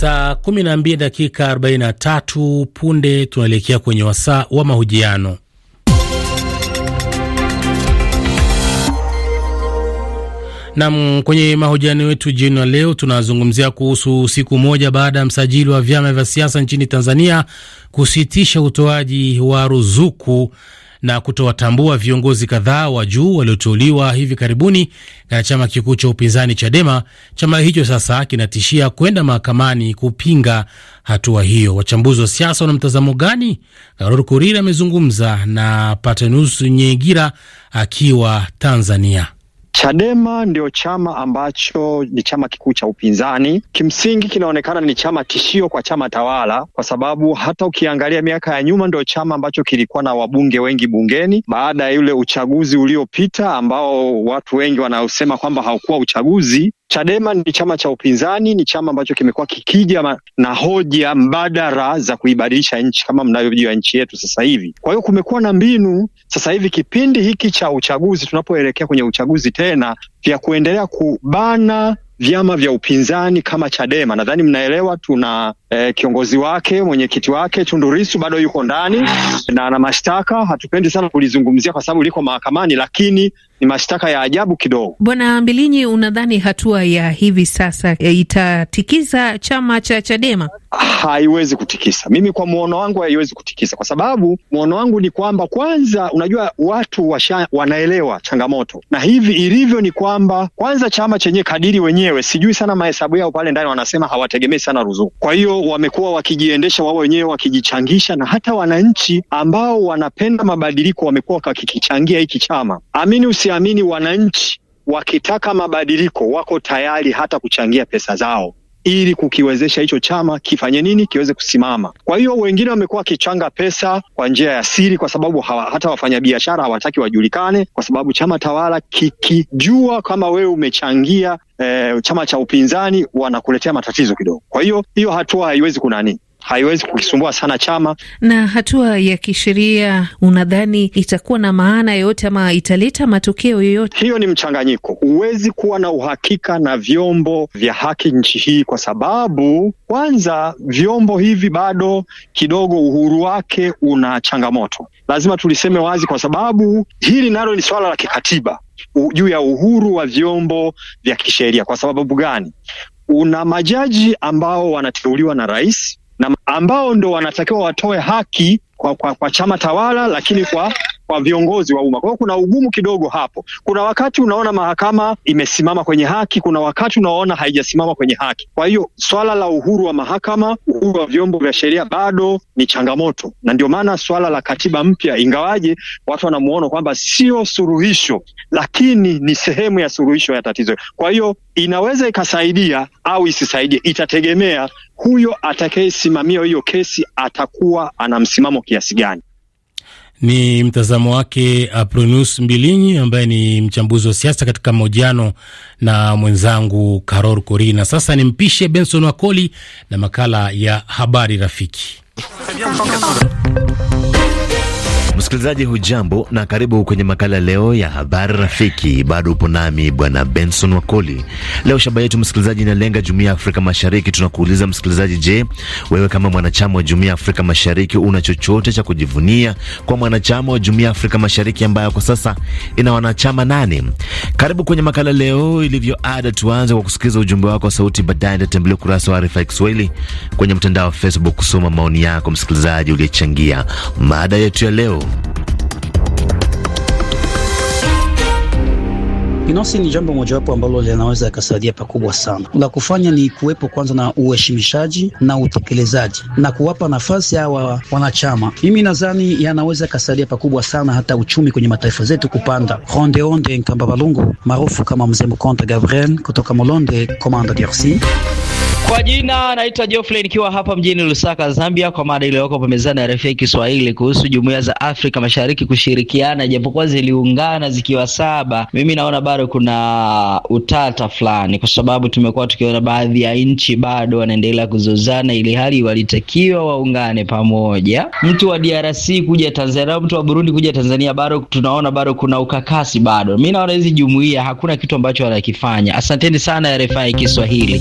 Saa 12 dakika 43 punde tunaelekea kwenye wasaa wa mahojiano. Nam, kwenye mahojiano yetu jioni wa leo tunazungumzia kuhusu siku moja baada ya msajili wa vyama vya siasa nchini Tanzania kusitisha utoaji wa ruzuku na kutowatambua viongozi kadhaa wa juu walioteuliwa hivi karibuni na chama kikuu cha upinzani Chadema. Chama hicho sasa kinatishia kwenda mahakamani kupinga hatua hiyo. Wachambuzi wa siasa wana mtazamo gani? Karol kurir amezungumza na Patenus Nyegira akiwa Tanzania. Chadema ndio chama ambacho ni chama kikuu cha upinzani, kimsingi kinaonekana ni chama tishio kwa chama tawala, kwa sababu hata ukiangalia miaka ya nyuma ndio chama ambacho kilikuwa na wabunge wengi bungeni, baada ya yule uchaguzi uliopita ambao watu wengi wanaosema kwamba haukuwa uchaguzi Chadema ni chama cha upinzani, ni chama ambacho kimekuwa kikija na hoja mbadala za kuibadilisha nchi kama mnavyojua nchi yetu sasa hivi. Kwa hiyo kumekuwa na mbinu sasa hivi kipindi hiki cha uchaguzi, tunapoelekea kwenye uchaguzi tena, vya kuendelea kubana vyama vya upinzani kama Chadema. Nadhani mnaelewa tuna eh, kiongozi wake mwenyekiti wake Tundu Lissu bado yuko ndani na ana mashtaka. Hatupendi sana kulizungumzia kwa sababu liko mahakamani, lakini ni mashtaka ya ajabu kidogo. Bwana Mbilinyi, unadhani hatua ya hivi sasa eh, itatikiza chama cha Chadema? Haiwezi kutikisa. Mimi kwa muono wangu haiwezi kutikisa, kwa sababu muono wangu ni kwamba kwanza, unajua watu washa, wanaelewa changamoto na hivi ilivyo ni kwamba kwanza chama chenyewe kadiri wenyewe, sijui sana mahesabu yao pale ndani, wanasema hawategemei sana ruzuku. Kwa hiyo wamekuwa wakijiendesha wao wenyewe wakijichangisha, na hata wananchi ambao wanapenda mabadiliko wamekuwa wakikichangia hiki chama amini usi siamini wananchi wakitaka mabadiliko wako tayari hata kuchangia pesa zao ili kukiwezesha hicho chama kifanye nini, kiweze kusimama. Kwa hiyo wengine wamekuwa wakichanga pesa kwa njia ya siri, kwa sababu hawa, hata wafanyabiashara hawataki wajulikane, kwa sababu chama tawala kikijua kama wewe umechangia e, chama cha upinzani wanakuletea matatizo kidogo. Kwa hiyo hiyo hatua haiwezi kunani haiwezi kukisumbua sana chama. Na hatua ya kisheria unadhani itakuwa na maana yoyote ama italeta matokeo yoyote? Hiyo ni mchanganyiko. Huwezi kuwa na uhakika na vyombo vya haki nchi hii, kwa sababu kwanza vyombo hivi bado kidogo uhuru wake una changamoto. Lazima tuliseme wazi, kwa sababu hili nalo ni swala la kikatiba juu ya uhuru wa vyombo vya kisheria. Kwa sababu gani? Una majaji ambao wanateuliwa na rais na ambao ndo wanatakiwa watoe haki kwa, kwa, kwa chama tawala, lakini kwa kwa viongozi wa umma. Kwa hiyo kuna ugumu kidogo hapo. Kuna wakati unaona mahakama imesimama kwenye haki, kuna wakati unaona haijasimama kwenye haki. Kwa hiyo swala la uhuru wa mahakama, uhuru wa vyombo vya sheria bado ni changamoto, na ndio maana swala la katiba mpya, ingawaje watu wanamuona kwamba sio suluhisho, lakini ni sehemu ya suluhisho ya tatizo. Kwa hiyo inaweza ikasaidia au isisaidie, itategemea huyo atakayesimamia hiyo kesi atakuwa ana msimamo kiasi gani. Ni mtazamo wake Apronus uh, Mbilinyi, ambaye ni mchambuzi wa siasa, katika mahojiano na mwenzangu Karor Kori. Na sasa mpishe Benson Wakoli na makala ya habari rafiki Msikilizaji hujambo na karibu kwenye makala leo ya habari rafiki. Bado upo nami bwana Benson Wakoli. Leo shaba yetu msikilizaji inalenga jumuiya ya Afrika Mashariki. Tunakuuliza msikilizaji, je, wewe kama mwanachama wa jumuiya ya Afrika Mashariki una chochote cha kujivunia kwa mwanachama wa jumuiya ya Afrika Mashariki ambayo kwa sasa ina wanachama nane? Karibu kwenye makala leo. Ilivyo ada, tuanze kwa kusikiliza ujumbe wako sauti, baadaye nitatembelea ukurasa wa RFI Kiswahili kwenye mtandao wa Facebook kusoma maoni yako msikilizaji uliyechangia mada yetu ya leo. Binafsi ni jambo mojawapo ambalo linaweza likasaidia pakubwa sana. La kufanya ni kuwepo kwanza na uheshimishaji na utekelezaji na kuwapa nafasi hawa wanachama. Mimi nadhani yanaweza kasaidia pakubwa sana hata uchumi kwenye mataifa zetu kupanda. Ronde Onde Nkamba Balungu maarufu kama Mzee Mkonta Gabriel kutoka Molonde, Komanda DRC. Kwa jina naitwa Geoffrey nikiwa hapa mjini Lusaka, Zambia, kwa mada iliyoko pembezani ya RFI Kiswahili kuhusu jumuiya za Afrika Mashariki kushirikiana, japokuwa ziliungana zikiwa saba, mimi naona bado kuna utata fulani, kwa sababu tumekuwa tukiona baadhi ya nchi bado wanaendelea kuzozana, ili hali walitakiwa waungane pamoja. Mtu wa DRC kuja Tanzania, mtu wa Burundi kuja Tanzania, bado tunaona bado kuna ukakasi bado. Mimi naona hizi jumuiya hakuna kitu ambacho wanakifanya. Asanteni sana RFI Kiswahili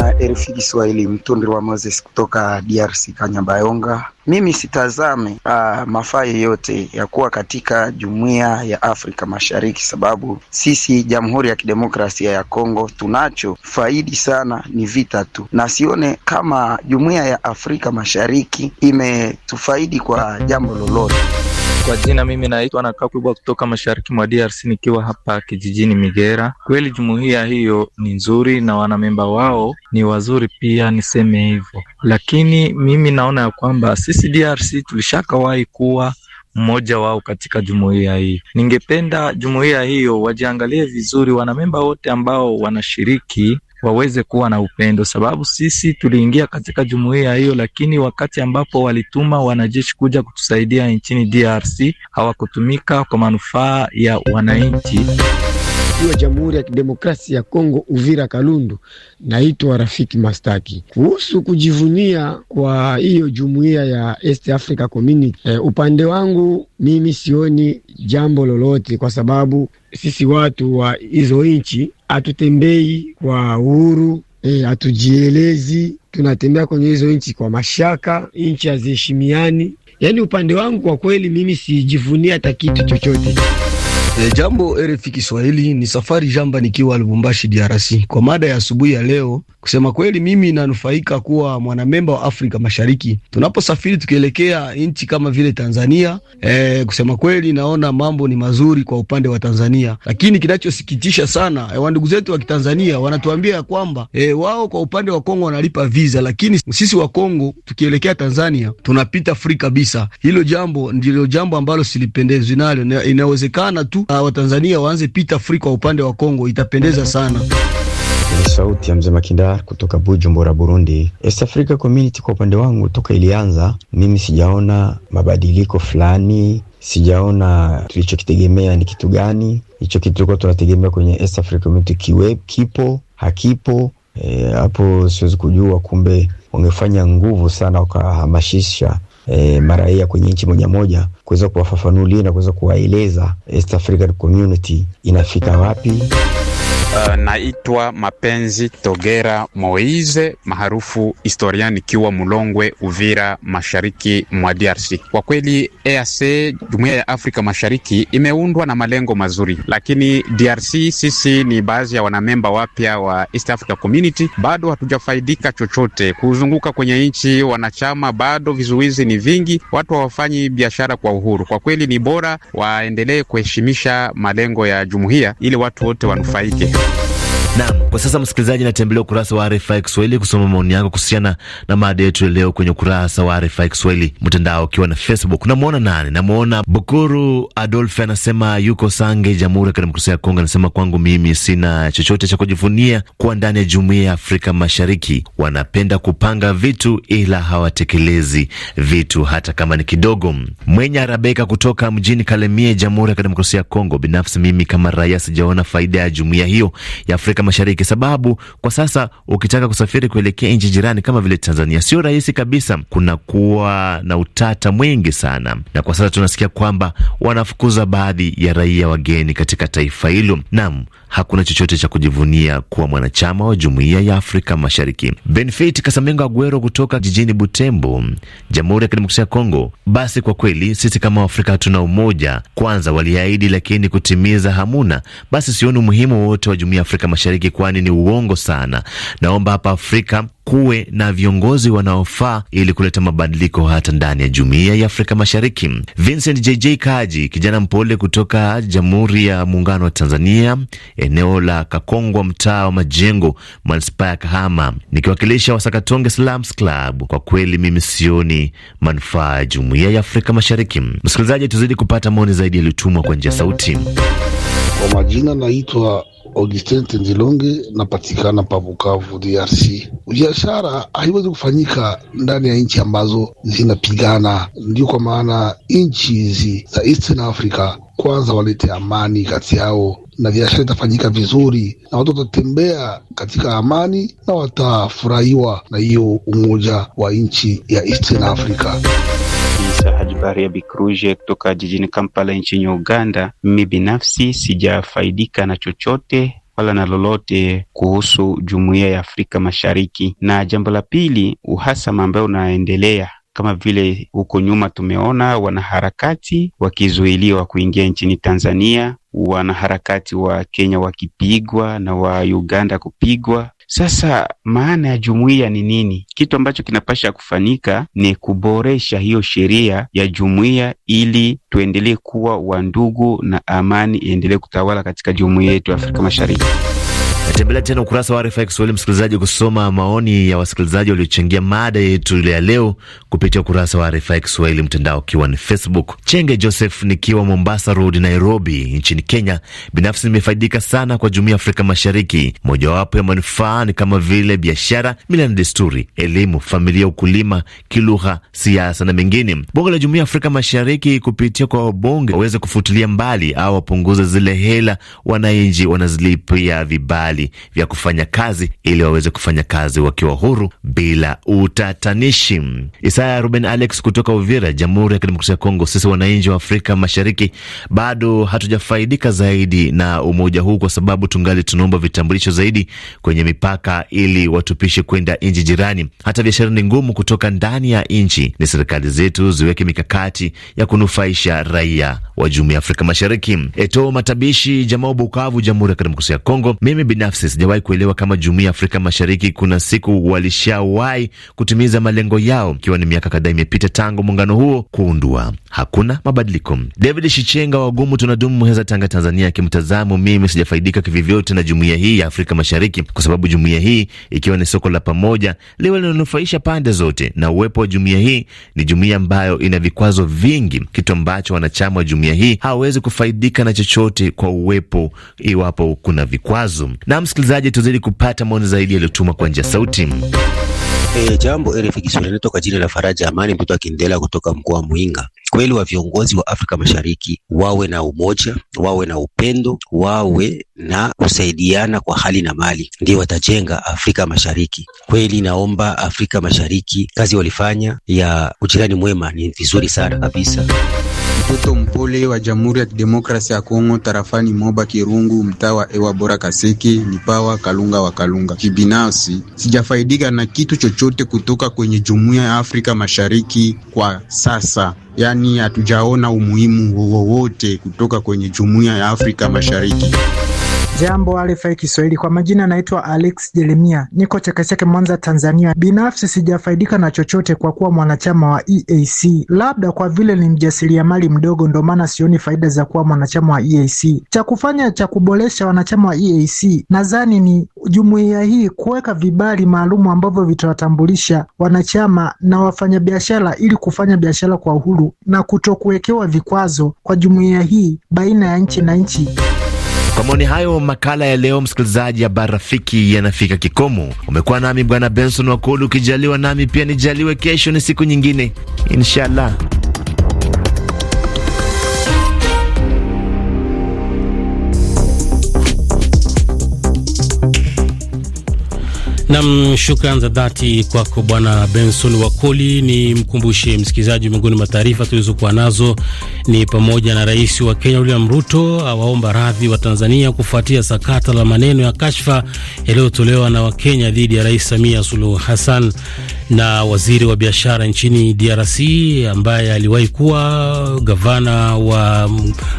na RF Kiswahili, mtundiri wa Moses kutoka DRC Kanyabayonga. Mimi sitazame uh, mafaa yoyote ya kuwa katika jumuiya ya Afrika Mashariki, sababu sisi Jamhuri ya Kidemokrasia ya Kongo tunacho faidi sana ni vita tu, na sione kama jumuiya ya Afrika Mashariki imetufaidi kwa jambo lolote. Kwa jina mimi naitwa Kakubwa kutoka mashariki mwa DRC nikiwa hapa kijijini Migera. Kweli jumuiya hiyo ni nzuri na wanamemba wao ni wazuri pia, niseme hivyo, lakini mimi naona ya kwamba sisi DRC tulishakawahi kuwa mmoja wao katika jumuiya hii. Ningependa jumuiya hiyo wajiangalie vizuri wanamemba wote ambao wanashiriki waweze kuwa na upendo, sababu sisi tuliingia katika jumuiya hiyo, lakini wakati ambapo walituma wanajeshi kuja kutusaidia nchini DRC hawakutumika kwa manufaa ya wananchi wa Jamhuri ya Kidemokrasia ya Kongo, Uvira Kalundu. Naitwa Rafiki Mastaki. Kuhusu kujivunia kwa hiyo jumuiya ya East Africa Community, e, upande wangu mimi sioni jambo lolote, kwa sababu sisi watu wa hizo nchi hatutembei kwa uhuru e, hatujielezi, tunatembea kwenye hizo nchi kwa mashaka, nchi haziheshimiani. Yaani upande wangu kwa kweli mimi sijivunia hata kitu chochote. E, jambo RFI Kiswahili ni safari jamba, nikiwa Lubumbashi DRC kwa mada ya asubuhi ya leo. Kusema kweli, mimi nanufaika kuwa mwanamemba wa Afrika Mashariki tunaposafiri tukielekea nchi kama vile Tanzania. E, kusema kweli, naona mambo ni mazuri kwa upande wa Tanzania, lakini kinachosikitisha sana e, wandugu zetu wa Kitanzania wanatuambia ya kwamba e, wao kwa upande wa Kongo wanalipa visa, lakini sisi wa Kongo tukielekea Tanzania tunapita free kabisa. Hilo jambo ndilo jambo ambalo silipendezwi nalo. Inawezekana tu Ah, Watanzania waanze pita free kwa upande wa Kongo, itapendeza sana. Ni sauti ya mzee Makindar kutoka Bujumbura, Burundi. East Africa Community kwa upande wangu, toka ilianza mimi sijaona mabadiliko fulani, sijaona tulichokitegemea ni kitu gani. Hicho kitu tulikuwa tunategemea kwenye East Africa Community kiwe kipo hakipo eh, hapo. E, siwezi kujua, kumbe wangefanya nguvu sana wakahamasisha e, maraia kwenye nchi moja moja kuweza kuwafafanulia na kuweza kuwaeleza East African Community inafika wapi. Uh, naitwa Mapenzi Togera moise maarufu historia, nikiwa Mulongwe, Uvira, mashariki mwa DRC. Kwa kweli, EAC jumuiya ya Afrika Mashariki imeundwa na malengo mazuri, lakini DRC sisi ni baadhi ya wanamemba wapya wa East Africa Community, bado hatujafaidika chochote. Kuzunguka kwenye nchi wanachama, bado vizuizi ni vingi, watu hawafanyi biashara kwa uhuru. Kwa kweli, ni bora waendelee kuheshimisha malengo ya jumuiya ili watu wote wanufaike. Thank you. Naam, kwa sasa msikilizaji, natembelea ukurasa wa RFI Kiswahili kusoma maoni yako kuhusiana na mada yetu leo kwenye ukurasa wa RFI Kiswahili mtandao ukiwa na Facebook. Namwona nani? Namwona Bukuru Adolfe, anasema yuko Sange, Jamhuri ya Kidemokrasia ya Kongo. Anasema kwangu mimi sina chochote cha kujivunia kuwa ndani ya Jumuiya ya Afrika Mashariki. Wanapenda kupanga vitu, ila hawatekelezi vitu hata kama ni kidogo. Mwenye Arabeka kutoka mjini Kalemie, Jamhuri ya Kidemokrasia ya Kongo, binafsi mimi kama raia sijaona faida ya jumuiya hiyo ya Afrika Afrika Mashariki, sababu kwa sasa ukitaka kusafiri kuelekea nchi jirani kama vile Tanzania sio rahisi kabisa, kunakuwa na utata mwingi sana, na kwa sasa tunasikia kwamba wanafukuza baadhi ya raia wageni katika taifa hilo. Naam, hakuna chochote cha kujivunia kuwa mwanachama wa jumuiya ya Afrika Mashariki. Benfit Kasamengo Aguero kutoka jijini Butembo, Jamhuri ya Kidemokrasia ya Kongo. Basi kwa kweli sisi kama Waafrika hatuna umoja, kwanza waliahidi, lakini kutimiza hamuna. Basi sioni umuhimu wowote wa jumuiya ya Afrika Mashariki, kwani ni uongo sana. Naomba hapa Afrika kuwe na viongozi wanaofaa ili kuleta mabadiliko hata ndani ya jumuiya ya Afrika Mashariki. Vincent JJ Kaji, kijana mpole kutoka Jamhuri ya Muungano wa Tanzania, eneo la Kakongwa, mtaa wa Majengo, manispaa ya Kahama, nikiwakilisha Wasakatonge Slams Club. Kwa kweli mimi sioni manufaa ya jumuiya ya Afrika Mashariki. Msikilizaji, tuzidi kupata maoni zaidi yaliyotumwa kwa njia sauti. Kwa majina naitwa Augustin Tenzilonge, napatikana pa Bukavu, DRC. Biashara haiwezi kufanyika ndani ya nchi ambazo zinapigana. Ndio kwa maana nchi hizi za Eastern Africa kwanza walete amani kati yao na biashara itafanyika vizuri na watu watatembea katika amani na watafurahiwa na hiyo umoja wa nchi ya Eastern Africa habari ya Bikruje kutoka jijini Kampala nchini Uganda. Mimi binafsi sijafaidika na chochote wala na lolote kuhusu jumuiya ya Afrika Mashariki. Na jambo la pili, uhasama ambayo unaendelea kama vile huko nyuma tumeona wanaharakati wakizuiliwa kuingia nchini Tanzania, wanaharakati wa Kenya wakipigwa na wa Uganda kupigwa. Sasa maana ya jumuiya ni nini? Kitu ambacho kinapasha kufanyika ni kuboresha hiyo sheria ya jumuiya ili tuendelee kuwa wandugu na amani iendelee kutawala katika jumuiya yetu ya Afrika Mashariki. Tembelea tena ukurasa wa RFI Kiswahili msikilizaji, kusoma maoni ya wasikilizaji waliochangia mada yetu ya leo kupitia ukurasa wa RFI Kiswahili mtandao ukiwa ni Facebook. Chenge Joseph nikiwa Mombasa Road, Nairobi nchini Kenya, binafsi nimefaidika sana kwa jumuiya Afrika Mashariki. Mojawapo ya manufaa ni kama vile biashara, mila na desturi, elimu, familia, ukulima, kilugha, siasa na mengine. Bonge la jumuiya Afrika Mashariki kupitia kwa wabonge waweze kufutilia mbali au wapunguze zile hela wananchi wanazilipia vibali halali vya kufanya kazi ili waweze kufanya kazi wakiwa huru bila utatanishi. Isaya Ruben Alex kutoka Uvira, Jamhuri ya Kidemokrasia ya Kongo. Sisi wananchi wa Afrika Mashariki bado hatujafaidika zaidi na umoja huu, kwa sababu tungali tunaomba vitambulisho zaidi kwenye mipaka ili watupishe kwenda nchi jirani. Hata biashara ni ngumu kutoka ndani ya nchi. Ni serikali zetu ziweke mikakati ya kunufaisha raia wa Jumuiya ya Afrika Mashariki. Eto Matabishi, Jamaa Bukavu, Jamhuri ya Kidemokrasia ya Kongo. Mimi binafsi sijawahi kuelewa kama jumuiya ya Afrika Mashariki kuna siku walishawahi kutimiza malengo yao, ikiwa ni miaka kadhaa imepita tangu muungano huo kuundwa. Hakuna mabadiliko. David Shichenga wagumu tunadumu Muheza, Tanga, Tanzania. Kimtazamo mimi sijafaidika kivivyote na jumuiya hii ya Afrika Mashariki kwa sababu jumuiya hii ikiwa ni soko la pamoja liwe linanufaisha pande zote, na uwepo wa jumuiya hii ni jumuiya ambayo ina vikwazo vingi, kitu ambacho wanachama wa jumuiya hii hawawezi kufaidika na chochote kwa uwepo, iwapo kuna vikwazo. Na msikilizaji, tuzidi kupata maoni zaidi yaliyotuma kwa njia sauti. E, jambo RFI Kiswahili, naitwa kwa jina la Faraja Amani mtoto akiendelea kutoka mkoa wa Muinga. Kweli wa viongozi wa Afrika Mashariki wawe na umoja, wawe na upendo, wawe na kusaidiana kwa hali na mali, ndio watajenga Afrika Mashariki. Kweli naomba Afrika Mashariki, kazi walifanya ya ujirani mwema ni vizuri sana kabisa. Mtoto mpole wa Jamhuri ya Kidemokrasia ya Kongo, tarafani Moba Kirungu, mtaa wa Ewa Bora Kaseke, ni pawa Kalunga wa Kalunga. Kibinafsi sijafaidika na kitu chochote kutoka kwenye Jumuiya ya Afrika Mashariki kwa sasa, yaani hatujaona umuhimu wowote kutoka kwenye Jumuiya ya Afrika Mashariki. Jambo RFI Kiswahili, kwa majina naitwa Alex Jeremia, niko Chekecheke, Mwanza, Tanzania. Binafsi sijafaidika na chochote kwa kuwa mwanachama wa EAC, labda kwa vile ni mjasiriamali mdogo, ndo maana sioni faida za kuwa mwanachama wa EAC. Cha kufanya cha kuboresha wanachama wa EAC nadhani ni jumuiya hii kuweka vibali maalumu ambavyo vitawatambulisha wanachama na wafanyabiashara ili kufanya biashara kwa uhuru na kutokuwekewa vikwazo kwa jumuiya hii baina ya nchi na nchi. Kwa maoni hayo, makala ya leo msikilizaji, habari rafiki, yanafika kikomo. Umekuwa nami Bwana Benson wakulu ukijaliwa nami pia nijaliwe kesho, ni siku nyingine inshallah. Nam, shukran za dhati kwako Bwana Benson Wakoli. Ni mkumbushe msikilizaji, miongoni mwa taarifa tulizokuwa nazo ni pamoja na rais wa Kenya William Ruto awaomba radhi wa Tanzania kufuatia sakata la maneno ya kashfa yaliyotolewa na Wakenya dhidi ya Rais Samia Suluhu Hassan na waziri wa biashara nchini DRC ambaye aliwahi kuwa gavana wa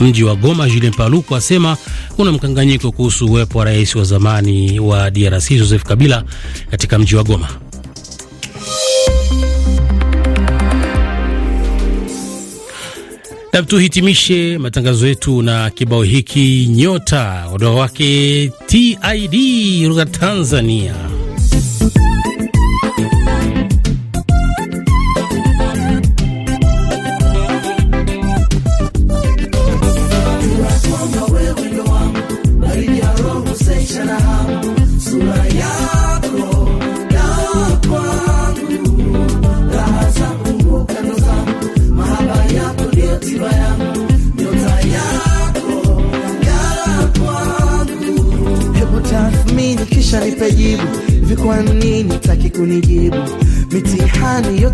mji wa Goma, Julien Paluku, asema kuna mkanganyiko kuhusu uwepo wa rais wa zamani wa DRC Joseph Kabila katika mji wa Goma. Tuhitimishe matangazo yetu na kibao hiki nyota, wadau wake TID kutoka Tanzania.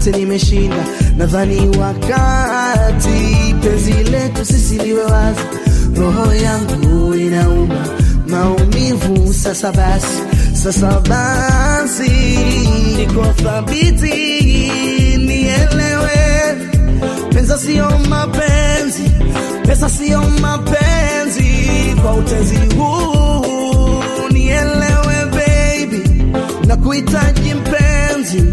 yote nimeshinda, nadhani wakati penzi letu sisi liwe wazi. Roho yangu inauma maumivu, sasa basi, sasa basi, niko thabiti, nielewe, penza sio mapenzi, pesa sio mapenzi kwa utezi huu, nielewe baby, na kuitaji mpenzi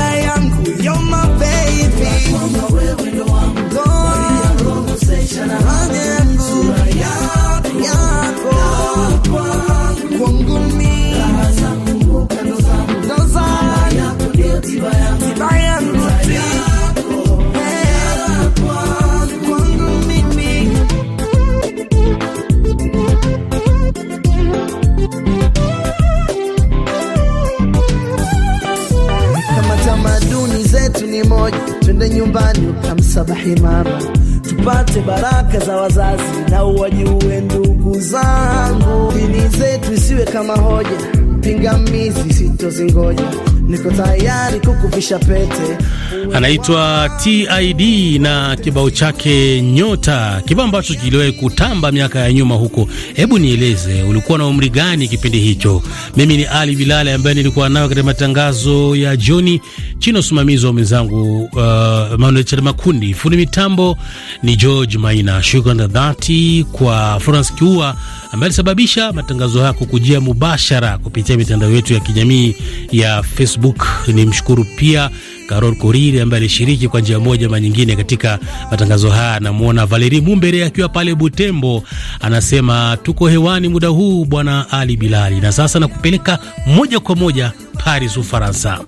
yetu ni moja, twende nyumbani ukamsabahi mama, tupate baraka za wazazi na uwajue ndugu zangu. Dini zetu isiwe kama hoja, pingamizi sitozingoja niko tayari kukuvisha pete. Anaitwa TID na kibao chake Nyota, kibao ambacho kiliwahi kutamba miaka ya nyuma huko. Hebu nieleze ulikuwa na umri gani kipindi hicho? Mimi ni Ali Bilali ambaye nilikuwa nayo katika matangazo ya jioni chini ya usimamizi wa mwenzangu uh, Manuel Makundi. Fundi mitambo ni George Maina. Shukrani dhati kwa Florence Kiua ambaye alisababisha matangazo haya kukujia mubashara kupitia mitandao yetu ya kijamii ya Facebook. Ni mshukuru pia Karol Koriri ambaye alishiriki kwa njia moja ama nyingine katika matangazo haya. Namwona Valeri Mumbere akiwa pale Butembo, anasema tuko hewani muda huu, Bwana Ali Bilali, na sasa nakupeleka moja kwa moja Paris, Ufaransa.